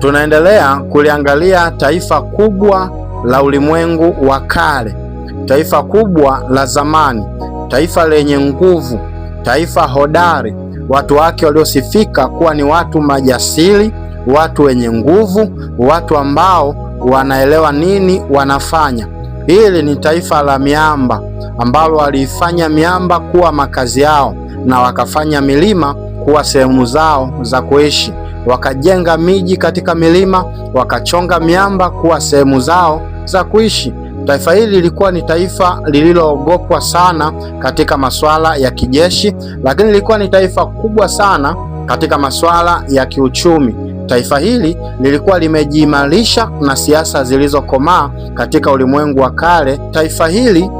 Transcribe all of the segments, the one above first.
Tunaendelea kuliangalia taifa kubwa la ulimwengu wa kale, taifa kubwa la zamani, taifa lenye nguvu, taifa hodari, watu wake waliosifika kuwa ni watu majasiri, watu wenye nguvu, watu ambao wanaelewa nini wanafanya. Hili ni taifa la miamba ambalo waliifanya miamba kuwa makazi yao na wakafanya milima kuwa sehemu zao za kuishi wakajenga miji katika milima, wakachonga miamba kuwa sehemu zao za kuishi. Taifa hili lilikuwa ni taifa lililoogopwa sana katika masuala ya kijeshi, lakini lilikuwa ni taifa kubwa sana katika masuala ya kiuchumi. Taifa hili lilikuwa limejiimarisha na siasa zilizokomaa katika ulimwengu wa kale. Taifa hili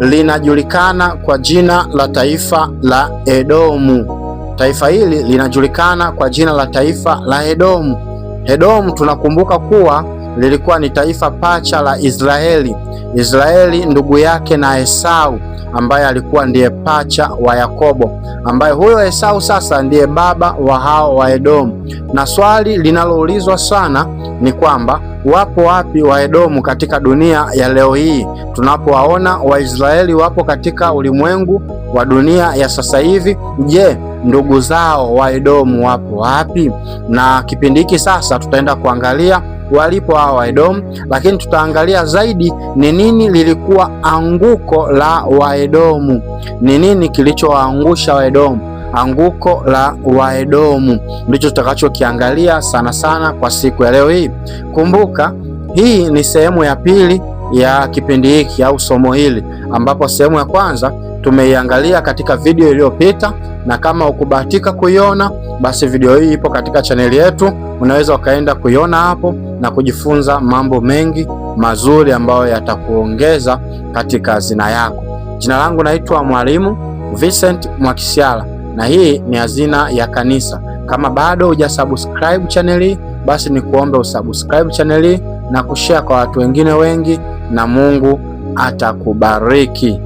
linajulikana kwa jina la taifa la Edomu. Taifa hili linajulikana kwa jina la taifa la Edomu. Edomu tunakumbuka kuwa lilikuwa ni taifa pacha la Israeli. Israeli ndugu yake na Esau ambaye alikuwa ndiye pacha wa Yakobo, ambaye huyo Esau sasa ndiye baba wa hao wa Edomu. Na swali linaloulizwa sana ni kwamba wapo wapi Waedomu katika dunia ya leo hii? Tunapowaona Waisraeli wapo katika ulimwengu wa dunia ya sasa hivi, je, ndugu zao wa Edomu wapo wapi. Na kipindi hiki sasa tutaenda kuangalia walipo hao Waedomu, lakini tutaangalia zaidi ni nini lilikuwa anguko la Waedomu, ni nini kilichowaangusha Waedomu. Anguko la Waedomu ndicho tutakachokiangalia sana sana kwa siku ya leo hii. Kumbuka hii ni sehemu ya pili ya kipindi hiki au somo hili, ambapo sehemu ya kwanza tumeiangalia katika video iliyopita, na kama ukubahatika kuiona, basi video hii ipo katika chaneli yetu, unaweza ukaenda kuiona hapo na kujifunza mambo mengi mazuri ambayo yatakuongeza katika hazina yako. Jina langu naitwa Mwalimu Vincent Mwakisyala na hii ni Hazina ya Kanisa. Kama bado hujasubscribe channel hii, basi ni kuombe usubscribe channel hii na kushare kwa watu wengine wengi, na Mungu atakubariki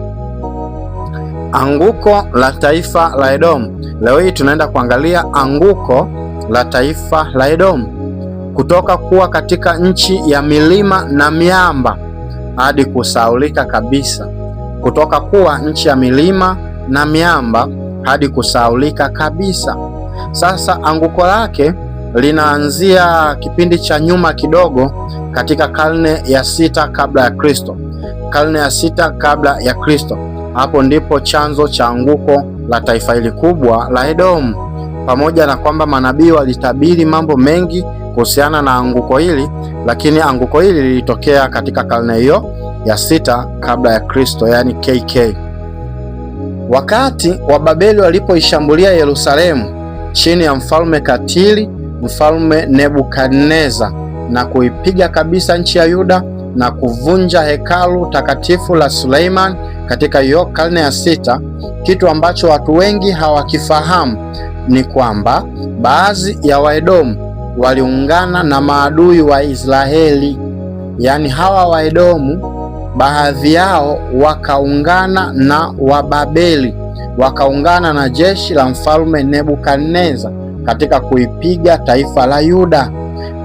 anguko la taifa la Edomu. Leo hii tunaenda kuangalia anguko la taifa la Edomu, kutoka kuwa katika nchi ya milima na miamba hadi kusaulika kabisa, kutoka kuwa nchi ya milima na miamba hadi kusaulika kabisa. Sasa anguko lake linaanzia kipindi cha nyuma kidogo katika karne ya sita kabla ya Kristo, karne ya sita kabla ya Kristo. Hapo ndipo chanzo cha anguko la taifa hili kubwa la Edomu. Pamoja na kwamba manabii walitabiri mambo mengi kuhusiana na anguko hili, lakini anguko hili lilitokea katika karne hiyo ya sita kabla ya Kristo, yaani KK. Wakati Wababeli walipoishambulia Yerusalemu chini ya mfalme katili, mfalme Nebukadneza, na kuipiga kabisa nchi ya Yuda na kuvunja hekalu takatifu la Suleiman katika hiyo karne ya sita, kitu ambacho watu wengi hawakifahamu ni kwamba baadhi ya Waedomu waliungana na maadui wa Israeli. Yaani hawa Waedomu baadhi yao wakaungana na Wababeli, wakaungana na jeshi la mfalme Nebukadneza katika kuipiga taifa la Yuda.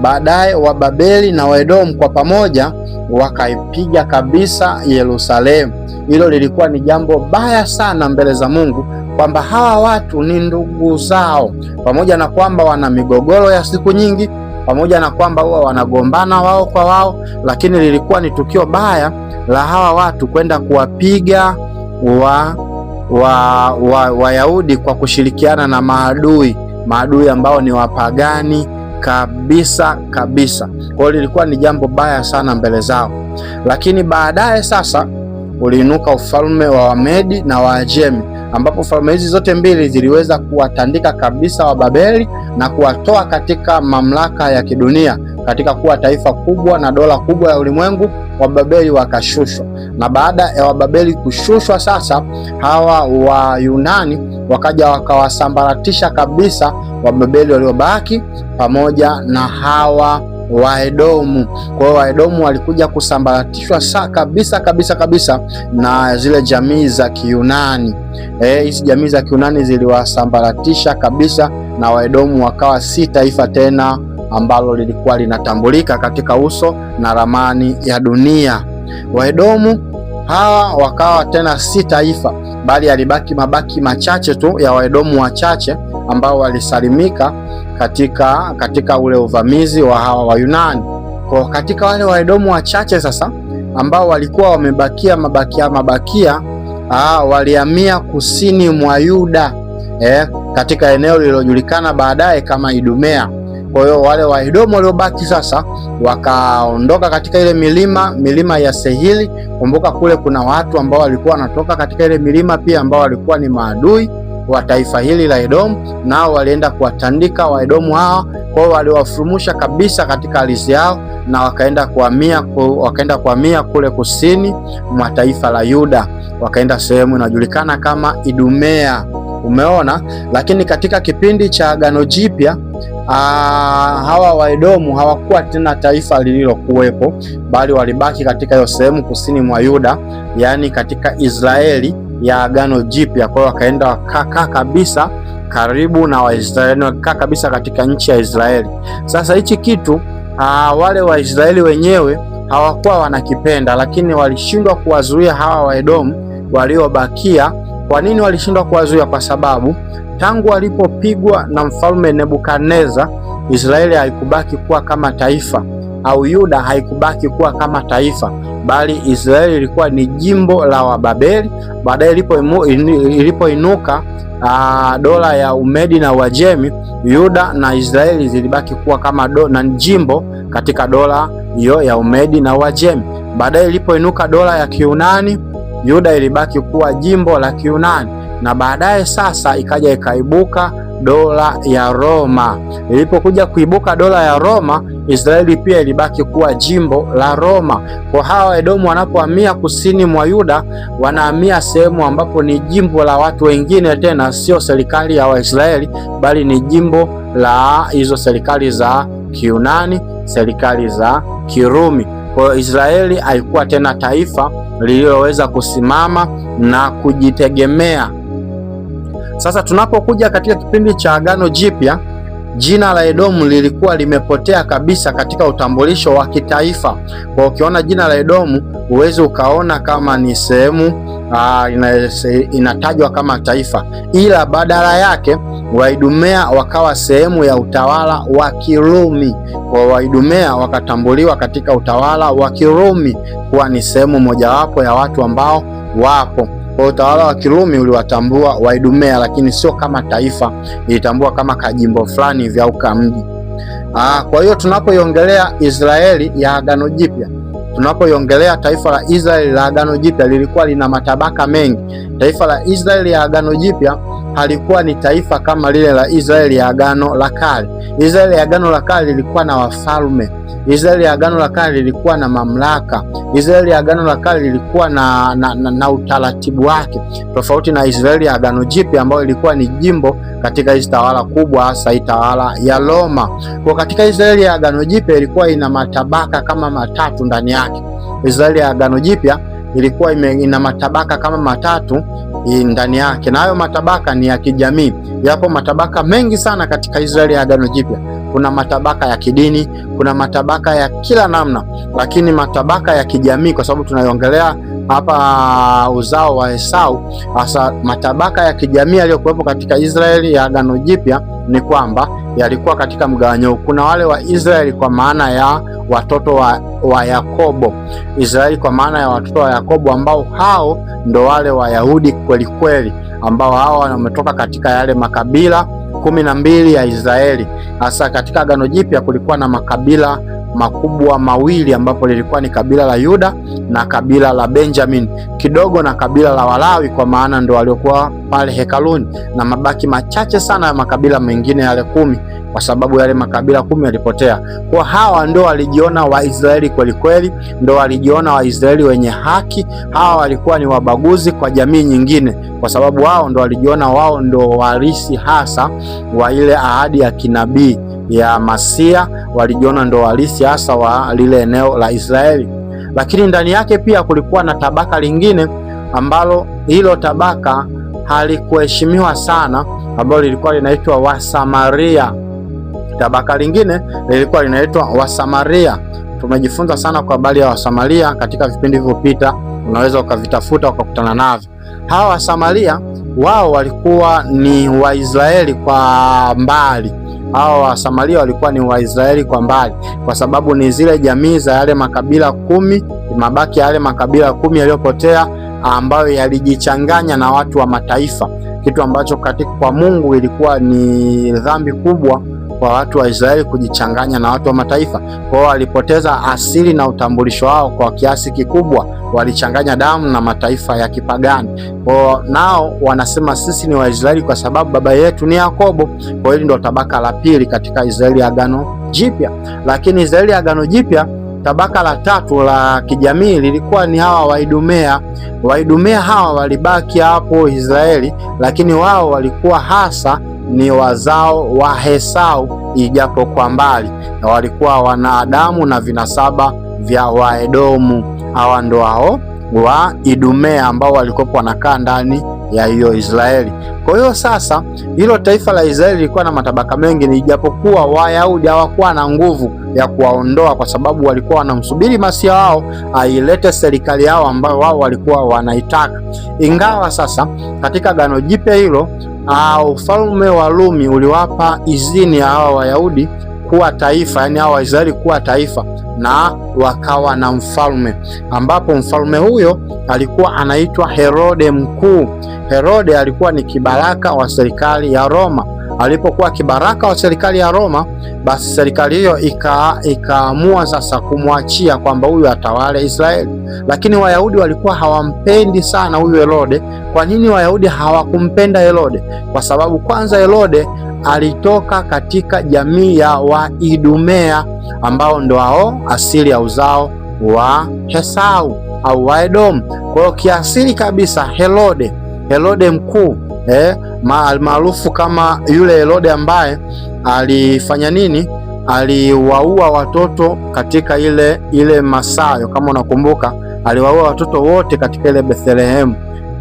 Baadaye Wababeli na Waedomu kwa pamoja wakaipiga kabisa Yerusalemu. Hilo lilikuwa ni jambo baya sana mbele za Mungu, kwamba hawa watu ni ndugu zao, pamoja na kwamba wana migogoro ya siku nyingi, pamoja na kwamba huwa wanagombana wao kwa wao, lakini lilikuwa ni tukio baya la hawa watu kwenda kuwapiga wa Wayahudi wa, wa kwa kushirikiana na maadui maadui ambao ni wapagani kabisa kabisa. Kwa hiyo lilikuwa ni jambo baya sana mbele zao, lakini baadaye sasa uliinuka ufalme wa Wamedi na Waajemi ambapo falme hizi zote mbili ziliweza kuwatandika kabisa Wababeli na kuwatoa katika mamlaka ya kidunia katika kuwa taifa kubwa na dola kubwa ya ulimwengu. Wababeli wakashushwa, na baada ya Wababeli kushushwa, sasa hawa wa Yunani wakaja wakawasambaratisha kabisa Wababeli waliobaki pamoja na hawa Waedomu. Kwa hiyo Waedomu walikuja kusambaratishwa saa kabisa kabisa kabisa na zile jamii za Kiyunani. Eh, hizi e, jamii za Kiyunani ziliwasambaratisha kabisa, na Waedomu wakawa si taifa tena ambalo lilikuwa linatambulika katika uso na ramani ya dunia. Waedomu hawa wakawa tena si taifa bali alibaki mabaki machache tu ya Waedomu wachache ambao walisalimika katika, katika ule uvamizi wa hawa Wayunani. Kwa katika wale Waedomu wachache sasa ambao walikuwa wamebakia mabakia mabakia, ah, walihamia kusini mwa Yuda eh, katika eneo lililojulikana baadaye kama Idumea. Kwa hiyo wale Waedomu waliobaki sasa wakaondoka katika ile milima milima ya Sehili. Kumbuka kule kuna watu ambao walikuwa wanatoka katika ile milima pia ambao walikuwa ni maadui wa taifa hili la Edomu, nao walienda kuwatandika Waedomu hawa. Kwao waliwafurumusha kabisa katika ardhi yao, na wakaenda kuhamia wakaenda kuhamia kule kusini mwa taifa la Yuda, wakaenda sehemu inajulikana kama Idumea. Umeona, lakini katika kipindi cha Agano Jipya hawa Waedomu hawakuwa tena taifa lililokuwepo bali walibaki katika hiyo sehemu kusini mwa Yuda, yaani katika Israeli ya Agano Jipya. Kwa hiyo wakaenda wakakaa kabisa karibu na Waisraeli, wakakaa kabisa katika nchi ya Israeli. Sasa hichi kitu aa, ah, wale Waisraeli wenyewe hawakuwa wanakipenda, lakini walishindwa kuwazuia hawa Waedomu waliobakia. Kwa nini walishindwa kuwazuia? Kwa sababu tangu walipopigwa na mfalme Nebukadneza, Israeli haikubaki kuwa kama taifa au Yuda haikubaki kuwa kama taifa, bali Israeli ilikuwa ni jimbo la Wababeli. Baadaye ilipoinuka ah, dola ya Umedi na Uajemi, Yuda na Israeli zilibaki kuwa kama do, na jimbo katika dola hiyo ya Umedi na Uajemi. Baadaye ilipoinuka dola ya Kiunani, Yuda ilibaki kuwa jimbo la Kiunani, na baadaye sasa ikaja ikaibuka dola ya Roma. Ilipokuja kuibuka dola ya Roma, Israeli pia ilibaki kuwa jimbo la Roma. Kwa hawa Edomu wanapohamia kusini mwa Yuda, wanahamia sehemu ambapo ni jimbo la watu wengine tena, sio serikali ya Waisraeli, bali ni jimbo la hizo serikali za Kiunani, serikali za Kirumi. Kwa Israeli haikuwa tena taifa lililoweza kusimama na kujitegemea. Sasa tunapokuja katika kipindi cha Agano Jipya, jina la Edomu lilikuwa limepotea kabisa katika utambulisho wa kitaifa. Kwa ukiona jina la Edomu huwezi ukaona kama ni sehemu ah, inatajwa kama taifa, ila badala yake Waidumea wakawa sehemu ya utawala wa Kirumi. Kwa Waidumea wakatambuliwa katika utawala wa Kirumi kuwa ni sehemu mojawapo ya watu ambao wapo kwa utawala wa Kirumi uliwatambua Waidumea, lakini sio kama taifa, ilitambua kama kajimbo fulani vya ukamji. Aa, kwa hiyo tunapoiongelea Israeli ya Agano Jipya tunapoiongelea taifa la Israeli la Agano Jipya lilikuwa lina matabaka mengi. Taifa la Israeli ya Agano Jipya halikuwa ni taifa kama lile la Israeli ya Agano la Kale. Israeli ya Agano la Kale lilikuwa na wafalme Israeli ya Agano la Kale lilikuwa na mamlaka. Israeli ya Agano la Kale lilikuwa na, na, na, na utaratibu wake tofauti na Israeli ya Agano Jipya ambayo ilikuwa ni jimbo katika hizi tawala kubwa, hasa hii tawala ya Roma. Kwa katika Israeli ya Agano Jipya ilikuwa ina matabaka kama matatu ndani yake. Israeli ya Agano Jipya ilikuwa ina matabaka kama matatu ndani yake, na hayo matabaka ni ya kijamii. Yapo matabaka mengi sana katika Israeli ya Agano Jipya. Kuna matabaka ya kidini, kuna matabaka ya kila namna, lakini matabaka ya kijamii, kwa sababu tunaiongelea hapa uzao wa Esau. Hasa matabaka ya kijamii yaliyokuwepo katika Israeli ya Agano Jipya ni kwamba yalikuwa katika mgawanyo. Kuna wale wa Israeli kwa maana ya watoto wa, wa Yakobo Israeli, kwa maana ya watoto wa Yakobo ambao hao ndo wale Wayahudi kweli kweli, ambao hao wametoka katika yale makabila kumi na mbili ya Israeli. Hasa katika Agano Jipya kulikuwa na makabila makubwa mawili ambapo lilikuwa ni kabila la Yuda na kabila la Benjamin, kidogo na kabila la Walawi, kwa maana ndo waliokuwa pale hekaluni, na mabaki machache sana ya makabila mengine yale kumi kwa sababu yale makabila kumi yalipotea. Kwa hawa ndio walijiona Waisraeli kwelikweli, ndio walijiona Waisraeli wenye haki. Hawa walikuwa ni wabaguzi kwa jamii nyingine, kwa sababu wao ndio walijiona wao ndio warisi hasa wa ile ahadi ya kinabii ya Masia, walijiona ndio warisi hasa wa lile eneo la Israeli. Lakini ndani yake pia kulikuwa na tabaka lingine ambalo hilo tabaka halikuheshimiwa sana, ambalo lilikuwa linaitwa Wasamaria. Tabaka lingine lilikuwa linaitwa Wasamaria. Tumejifunza sana kwa habari ya Wasamaria katika vipindi vilivyopita, unaweza ukavitafuta ukakutana navyo. Hawa Wasamaria wao walikuwa ni Waisraeli kwa mbali. Hawa Wasamaria walikuwa ni Waisraeli kwa mbali, kwa sababu ni zile jamii za yale makabila kumi, mabaki ya yale makabila kumi yaliyopotea ambayo yalijichanganya na watu wa mataifa, kitu ambacho katika kwa Mungu ilikuwa ni dhambi kubwa kwa watu wa Israeli kujichanganya na watu wa mataifa. Kwa hiyo walipoteza asili na utambulisho wao kwa kiasi kikubwa, walichanganya damu na mataifa ya kipagani. Kwa nao wanasema sisi ni Waisraeli kwa sababu baba yetu ni Yakobo. Kwa hiyo ndo tabaka la pili katika Israeli ya Agano Jipya, lakini Israeli ya Agano Jipya tabaka la tatu la kijamii lilikuwa ni hawa Waidumea. Waidumea hawa walibaki hapo Israeli, lakini wao walikuwa hasa ni wazao wa Esau ijapo kwa mbali, na walikuwa wanadamu na vinasaba vya Waedomu. Hawa ndo hao wa Idumea ambao walikuwa wanakaa ndani ya hiyo Israeli. Kwa hiyo sasa, hilo taifa la Israeli lilikuwa na matabaka mengi, ni ijapokuwa Wayahudi hawakuwa na nguvu ya kuwaondoa, kwa sababu walikuwa wanamsubiri masia wao ailete serikali yao ambayo wao walikuwa wanaitaka. Ingawa sasa katika gano jipya hilo Ah, ufalme wa Rumi uliwapa izini ya hawa Wayahudi kuwa taifa, yani hawa Waisraeli kuwa taifa, na wakawa na mfalme, ambapo mfalme huyo alikuwa anaitwa Herode Mkuu. Herode alikuwa ni kibaraka wa serikali ya Roma alipokuwa kibaraka wa serikali ya Roma, basi serikali hiyo ikaamua sasa kumwachia kwamba huyu atawale Israeli. Lakini Wayahudi walikuwa hawampendi sana huyu Herode. Kwa nini Wayahudi hawakumpenda Herode? Kwa sababu kwanza Herode alitoka katika jamii ya Waidumea ambao ndo hao asili ya uzao wa Hesau au Waedomu. Kwa hiyo kiasili kabisa Herode, Herode mkuu eh, almaarufu kama yule Herode ambaye alifanya nini? Aliwaua watoto katika ile ile masayo, kama unakumbuka, aliwaua watoto wote katika ile Bethlehemu.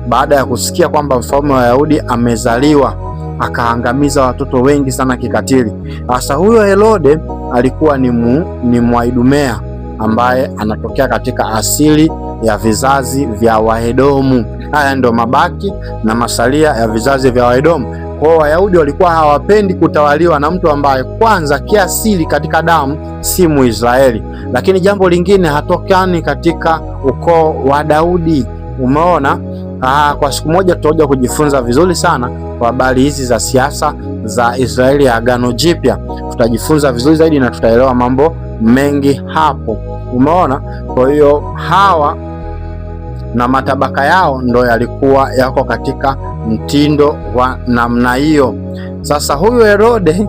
Baada ya kusikia kwamba mfalme wa Wayahudi amezaliwa, akaangamiza watoto wengi sana kikatili. Sasa huyo Herode alikuwa ni mu, ni Mwaidumea ambaye anatokea katika asili ya vizazi vya Waedomu. Haya ndio mabaki na masalia ya vizazi vya Waedomu. Kwa hiyo Wayahudi walikuwa hawapendi kutawaliwa na mtu ambaye kwanza kiasili katika damu si Muisraeli, lakini jambo lingine hatokani katika ukoo wa Daudi. Umeona? Aa, kwa siku moja tutakuja kujifunza vizuri sana kwa habari hizi za siasa za Israeli ya Agano Jipya. Tutajifunza vizuri zaidi na tutaelewa mambo mengi hapo. Umeona? Kwa hiyo hawa na matabaka yao ndo yalikuwa yako katika mtindo wa namna hiyo. Sasa huyu Herode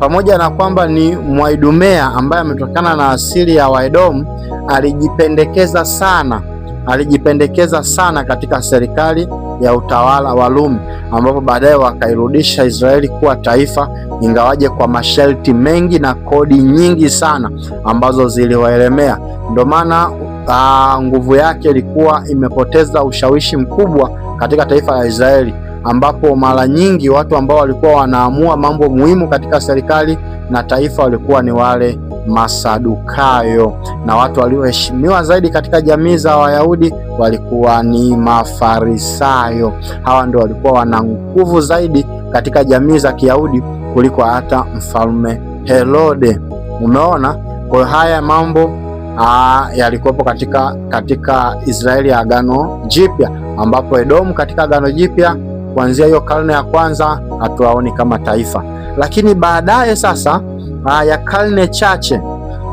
pamoja na kwamba ni Mwaidumea ambaye ametokana na asili ya Waedomu, alijipendekeza sana alijipendekeza sana katika serikali ya utawala wa Rumi, ambapo baadaye wakairudisha Israeli kuwa taifa, ingawaje kwa masharti mengi na kodi nyingi sana ambazo ziliwaelemea. Ndio maana ah, nguvu yake ilikuwa imepoteza ushawishi mkubwa katika taifa la Israeli ambapo mara nyingi watu ambao walikuwa wanaamua mambo muhimu katika serikali na taifa walikuwa ni wale Masadukayo, na watu walioheshimiwa zaidi katika jamii za Wayahudi walikuwa ni Mafarisayo. Hawa ndio walikuwa wana nguvu zaidi katika jamii za Kiyahudi kuliko hata mfalme Herode. Umeona, kwa haya mambo yalikuwepo katika, katika Israeli ya Agano Jipya, ambapo Edomu katika Agano Jipya kuanzia hiyo karne ya kwanza hatuwaoni kama taifa, lakini baadaye sasa ya karne chache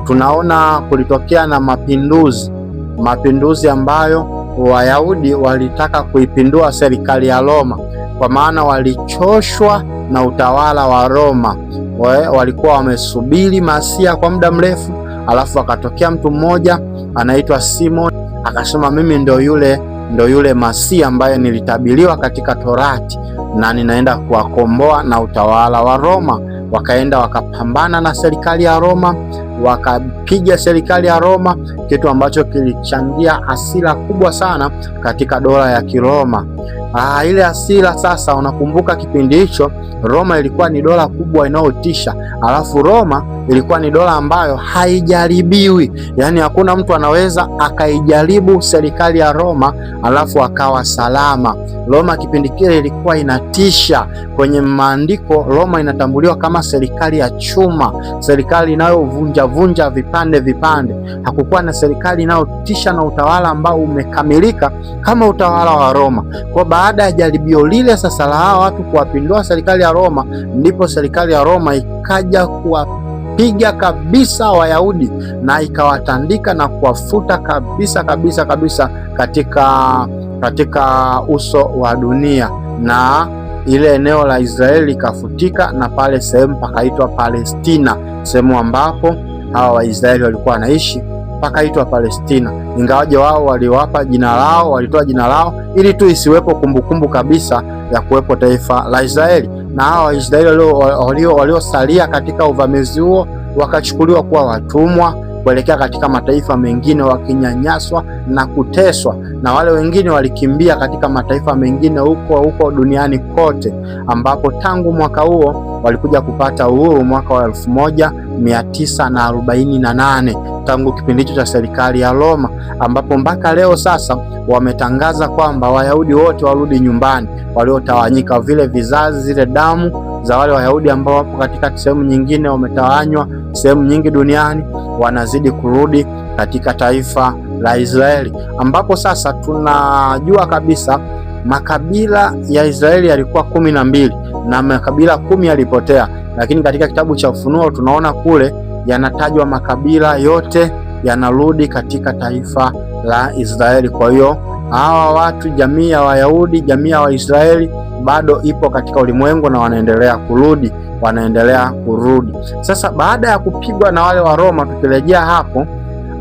tunaona kulitokea na mapinduzi, mapinduzi ambayo Wayahudi walitaka kuipindua serikali ya Roma, kwa maana walichoshwa na utawala wa Roma. We, walikuwa wamesubiri masia kwa muda mrefu, alafu akatokea mtu mmoja anaitwa Simon akasema, mimi ndio yule ndo yule Masihi ambaye nilitabiliwa katika Torati, na ninaenda kuwakomboa na utawala wa Roma. Wakaenda wakapambana na serikali ya Roma, wakapiga serikali ya Roma, kitu ambacho kilichangia hasira kubwa sana katika dola ya Kiroma. Aa, ah, ile asira sasa, unakumbuka kipindi hicho Roma ilikuwa ni dola kubwa inayotisha, alafu Roma ilikuwa ni dola ambayo haijaribiwi, yaani hakuna mtu anaweza akaijaribu serikali ya Roma alafu akawa salama. Roma kipindi kile ilikuwa inatisha. Kwenye maandiko, Roma inatambuliwa kama serikali ya chuma, serikali inayovunja vunja vipande vipande. Hakukuwa na serikali inayotisha na utawala ambao umekamilika kama utawala wa Roma kwa baada ya jaribio lile sasa la hawa watu kuwapindua serikali ya Roma, ndipo serikali ya Roma ikaja kuwapiga kabisa Wayahudi na ikawatandika na kuwafuta kabisa kabisa kabisa katika, katika uso wa dunia na ile eneo la Israeli likafutika na pale sehemu pakaitwa Palestina, sehemu ambapo hawa Waisraeli walikuwa wanaishi pakaitwa Palestina, ingawaje wao waliwapa jina lao, walitoa jina lao ili tu isiwepo kumbukumbu kabisa ya kuwepo taifa la Israeli. Na hao Waisraeli waliosalia katika uvamizi huo wakachukuliwa kuwa watumwa kuelekea katika mataifa mengine wakinyanyaswa na kuteswa, na wale wengine walikimbia katika mataifa mengine huko huko duniani kote, ambapo tangu mwaka huo walikuja kupata uhuru mwaka wa elfu moja 948 tangu kipindi hicho cha serikali ya Roma, ambapo mpaka leo sasa wametangaza kwamba Wayahudi wote warudi nyumbani waliotawanyika, vile vizazi, zile damu za wale Wayahudi ambao wapo katika sehemu nyingine, wametawanywa sehemu nyingi duniani, wanazidi kurudi katika taifa la Israeli, ambapo sasa tunajua kabisa makabila ya Israeli yalikuwa kumi na mbili na makabila kumi yalipotea lakini katika kitabu cha Ufunuo tunaona kule yanatajwa makabila yote yanarudi katika taifa la Israeli. Kwa hiyo hawa watu, jamii ya Wayahudi, jamii ya Waisraeli bado ipo katika ulimwengu na wanaendelea kurudi, wanaendelea kurudi. Sasa baada ya kupigwa na wale wa Roma, tukirejea hapo,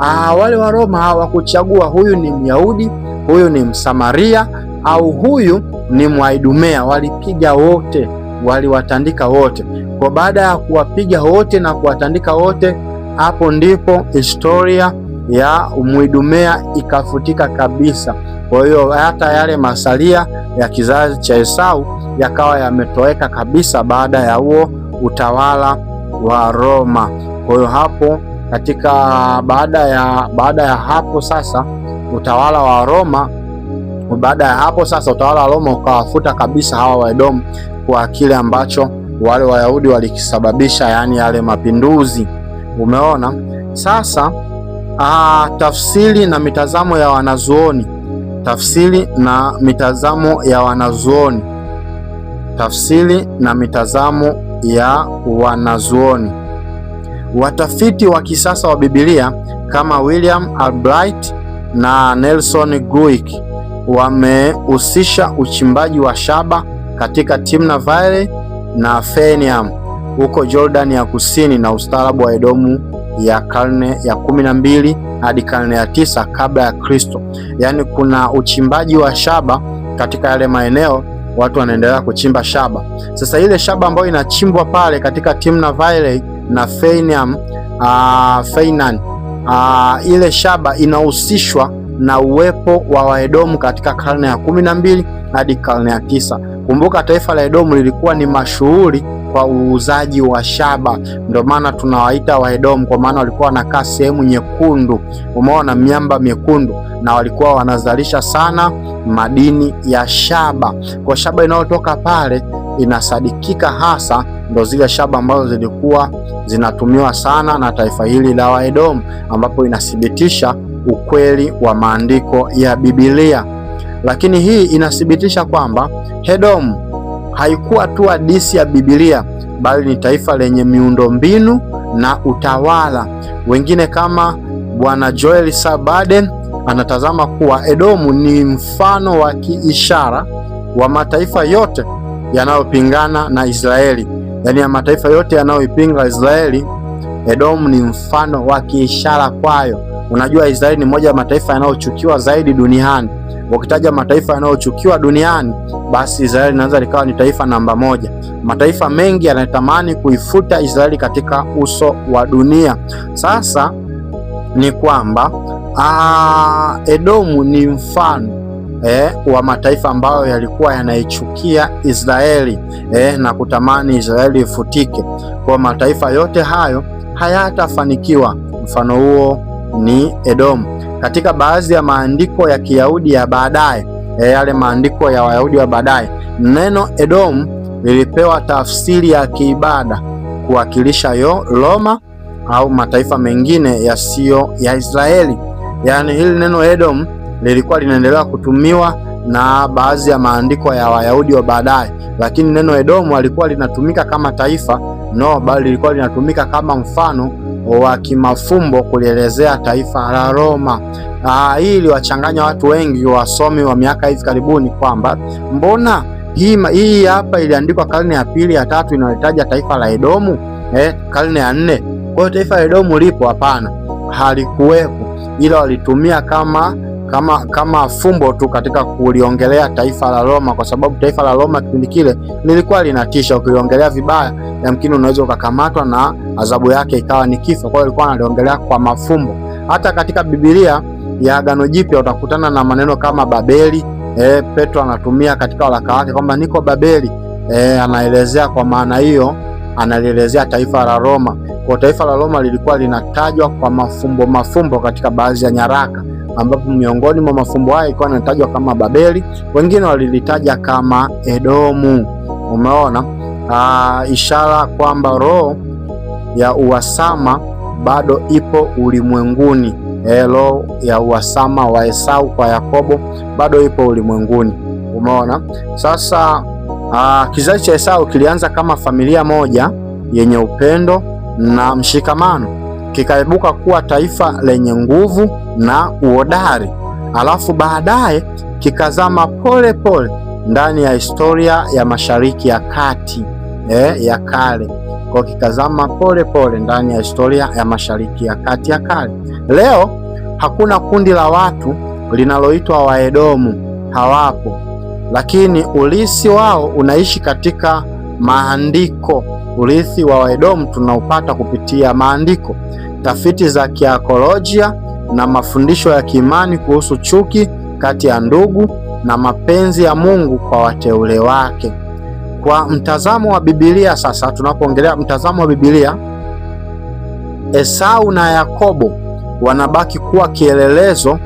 aa, ah, wale wa Roma hawakuchagua huyu ni Myahudi, huyu ni Msamaria au huyu ni Mwaidumea, walipiga wote waliwatandika wote. Kwa baada ya kuwapiga wote na kuwatandika wote, hapo ndipo historia ya Mwidumea ikafutika kabisa. Kwa hiyo hata yale masalia ya kizazi cha Esau yakawa yametoweka kabisa baada ya huo utawala wa Roma. Kwa hiyo hapo katika baada ya baada ya hapo sasa utawala wa Roma baada ya hapo sasa utawala wa Roma ukawafuta kabisa hawa Waedomu kwa kile ambacho wale Wayahudi walikisababisha, yaani yale mapinduzi. Umeona sasa. Aa, ah, tafsiri na mitazamo ya wanazuoni, tafsiri na mitazamo ya wanazuoni, tafsiri na mitazamo ya wanazuoni. Watafiti wa kisasa wa Biblia kama William Albright na Nelson Guik wamehusisha uchimbaji wa shaba katika Timna Valley na Feniam huko Jordan ya kusini na ustaarabu wa Edomu ya karne ya kumi na mbili hadi karne ya tisa kabla ya Kristo. Yaani kuna uchimbaji wa shaba katika yale maeneo, watu wanaendelea kuchimba shaba. Sasa ile shaba ambayo inachimbwa pale katika Timna Valley na Feniam, uh, ah, Fainan, uh, ah, ile shaba inahusishwa na uwepo wa Waedomu katika karne ya kumi na mbili hadi karne ya tisa. Kumbuka taifa la Edomu lilikuwa ni mashuhuri kwa uuzaji wa shaba, ndio maana tunawaita Waedomu kwa maana walikuwa wanakaa sehemu nyekundu, umeona miamba mekundu na walikuwa wanazalisha sana madini ya shaba. Kwa shaba inayotoka pale inasadikika hasa ndo zile shaba ambazo zilikuwa zinatumiwa sana na taifa hili la Waedomu, ambapo inathibitisha ukweli wa maandiko ya Biblia. Lakini hii inathibitisha kwamba Edomu haikuwa tu hadithi ya Biblia, bali ni taifa lenye miundombinu na utawala. Wengine kama Bwana Joel Sabaden anatazama kuwa Edomu ni mfano wa kiishara wa mataifa yote yanayopingana na Israeli, yaani ya mataifa yote yanayoipinga Israeli. Edomu ni mfano wa kiishara kwayo. Unajua Israeli ni moja ya mataifa yanayochukiwa zaidi duniani. Ukitaja mataifa yanayochukiwa duniani, basi Israeli inaweza likawa ni taifa namba moja. Mataifa mengi yanatamani kuifuta Israeli katika uso wa dunia. Sasa ni kwamba aa, ah, Edomu ni mfano Eh, wa mataifa ambayo yalikuwa yanaichukia Israeli eh, na kutamani Israeli ifutike. Kwa mataifa yote hayo hayatafanikiwa. Mfano huo ni Edomu. Katika baadhi ya maandiko ya Kiyahudi ya baadaye, eh, yale maandiko ya Wayahudi wa baadaye, neno Edomu lilipewa tafsiri ya kiibada kuwakilisha yo Roma au mataifa mengine yasiyo ya Israeli. Yaani, hili neno Edom lilikuwa linaendelea kutumiwa na baadhi ya maandiko ya Wayahudi wa baadaye, lakini neno Edomu alikuwa linatumika kama taifa no, bali lilikuwa linatumika kama mfano wa kimafumbo kulielezea taifa la Roma. Ah, hii iliwachanganya watu wengi, wasomi wa miaka hivi karibuni, kwamba mbona hii hii hapa iliandikwa karne ya pili ya tatu inalitaja taifa la Edomu eh, karne ya nne. Kwa hiyo taifa la Edomu lipo? Hapana, halikuwepo, ila walitumia kama kama, mm. kama fumbo tu katika kuliongelea taifa la Roma, kwa sababu taifa la Roma kipindi kile lilikuwa linatisha. Ukiliongelea vibaya, yamkini unaweza ukakamatwa na adhabu yake ikawa ni kifo. Kwa hiyo alikuwa analiongelea kwa mafumbo. Hata katika Biblia ya Agano Jipya utakutana na maneno kama Babeli. E, Petro anatumia katika waraka wake kwamba niko Babeli. E, anaelezea kwa maana hiyo, analielezea taifa la Roma. Kwa taifa la Roma lilikuwa linatajwa kwa mafumbo mafumbo katika baadhi ya nyaraka ambapo miongoni mwa mafumbo haya ilikuwa inatajwa kama Babeli, wengine walilitaja kama Edomu. Umeona aa, ah, ishara kwamba roho ya uhasama bado ipo ulimwenguni. E, roho ya uhasama wa Esau kwa Yakobo bado ipo ulimwenguni. Umeona sasa, ah, kizazi cha Esau kilianza kama familia moja yenye upendo na mshikamano kikaibuka kuwa taifa lenye nguvu na uhodari, alafu baadaye kikazama pole pole ndani ya historia ya Mashariki ya Kati eh, ya kale kwa kikazama pole pole ndani ya historia ya Mashariki ya Kati ya kale. Leo hakuna kundi la watu linaloitwa Waedomu, hawapo, lakini ulisi wao unaishi katika maandiko Urithi wa Waedomu tunaupata kupitia maandiko, tafiti za kiakolojia na mafundisho ya kiimani kuhusu chuki kati ya ndugu na mapenzi ya Mungu kwa wateule wake. Kwa mtazamo wa Biblia sasa, tunapoongelea mtazamo wa Biblia, Esau na Yakobo wanabaki kuwa kielelezo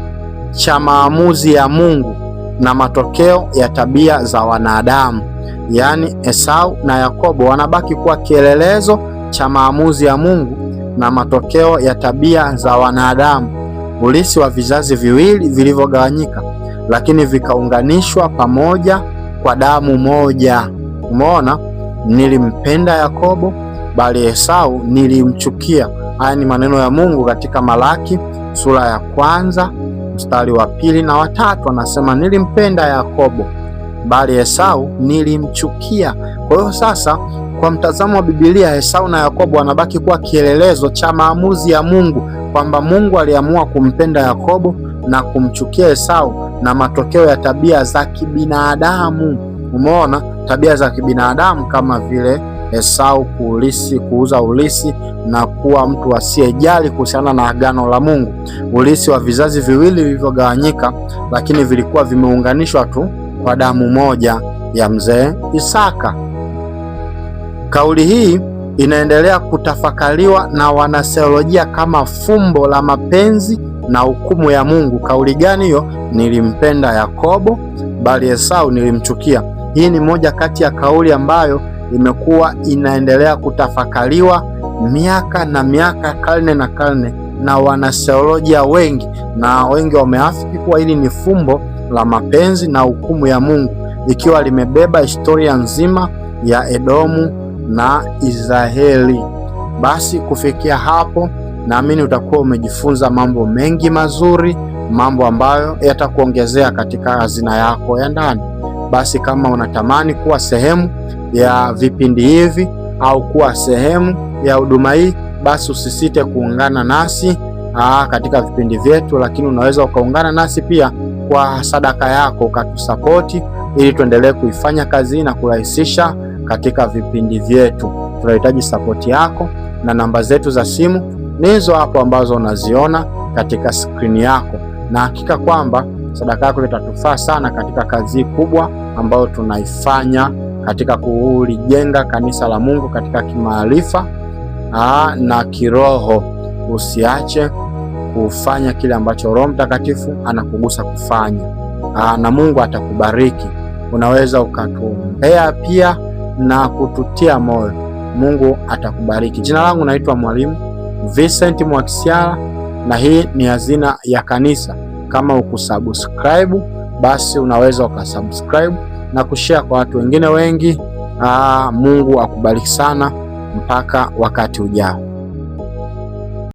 cha maamuzi ya Mungu na matokeo ya tabia za wanadamu yaani Esau na Yakobo wanabaki kuwa kielelezo cha maamuzi ya Mungu na matokeo ya tabia za wanadamu, ulisi wa vizazi viwili vilivyogawanyika lakini vikaunganishwa pamoja kwa damu moja. Umeona, nilimpenda Yakobo bali Esau nilimchukia. Haya ni maneno ya Mungu katika Malaki sura ya kwanza mstari wa pili na watatu, anasema nilimpenda Yakobo bali Esau nilimchukia. Kwa hiyo sasa, kwa mtazamo wa Biblia, Esau na Yakobo wanabaki kuwa kielelezo cha maamuzi ya Mungu, kwamba Mungu aliamua kumpenda Yakobo na kumchukia Esau, na matokeo ya tabia za kibinadamu. Umeona tabia za kibinadamu kama vile Esau kuulisi, kuuza ulisi na kuwa mtu asiyejali kuhusiana na agano la Mungu, ulisi wa vizazi viwili vilivyogawanyika, lakini vilikuwa vimeunganishwa tu kwa damu moja ya mzee Isaka. Kauli hii inaendelea kutafakaliwa na wanaseolojia kama fumbo la mapenzi na hukumu ya Mungu. Kauli gani hiyo? Nilimpenda Yakobo bali Esau nilimchukia. Hii ni moja kati ya kauli ambayo imekuwa inaendelea kutafakaliwa miaka na miaka, karne na karne, na wanaseolojia wengi, na wengi wameafiki kuwa hili ni fumbo la mapenzi na hukumu ya Mungu, ikiwa limebeba historia nzima ya Edomu na Israeli. Basi kufikia hapo, naamini utakuwa umejifunza mambo mengi mazuri, mambo ambayo yatakuongezea katika hazina yako ya ndani. Basi kama unatamani kuwa sehemu ya vipindi hivi au kuwa sehemu ya huduma hii, basi usisite kuungana nasi aa, katika vipindi vyetu, lakini unaweza ukaungana nasi pia kwa sadaka yako, ukatusapoti ili tuendelee kuifanya kazi na kurahisisha katika vipindi vyetu. Tunahitaji sapoti yako, na namba zetu za simu nizo hapo ambazo unaziona katika skrini yako, na hakika kwamba sadaka yako itatufaa sana katika kazi kubwa ambayo tunaifanya katika kulijenga kanisa la Mungu katika kimaarifa na kiroho. Usiache kufanya kile ambacho Roho Mtakatifu anakugusa kufanya, ah, na Mungu atakubariki. Unaweza ukatuombea pia na kututia moyo, Mungu atakubariki. Jina langu naitwa Mwalimu Vincent Mwakisyala na hii ni Hazina ya Kanisa. Kama ukusubscribe, basi unaweza ukasubscribe na kushare kwa watu wengine wengi. Aa, ah, Mungu akubariki sana mpaka wakati ujao.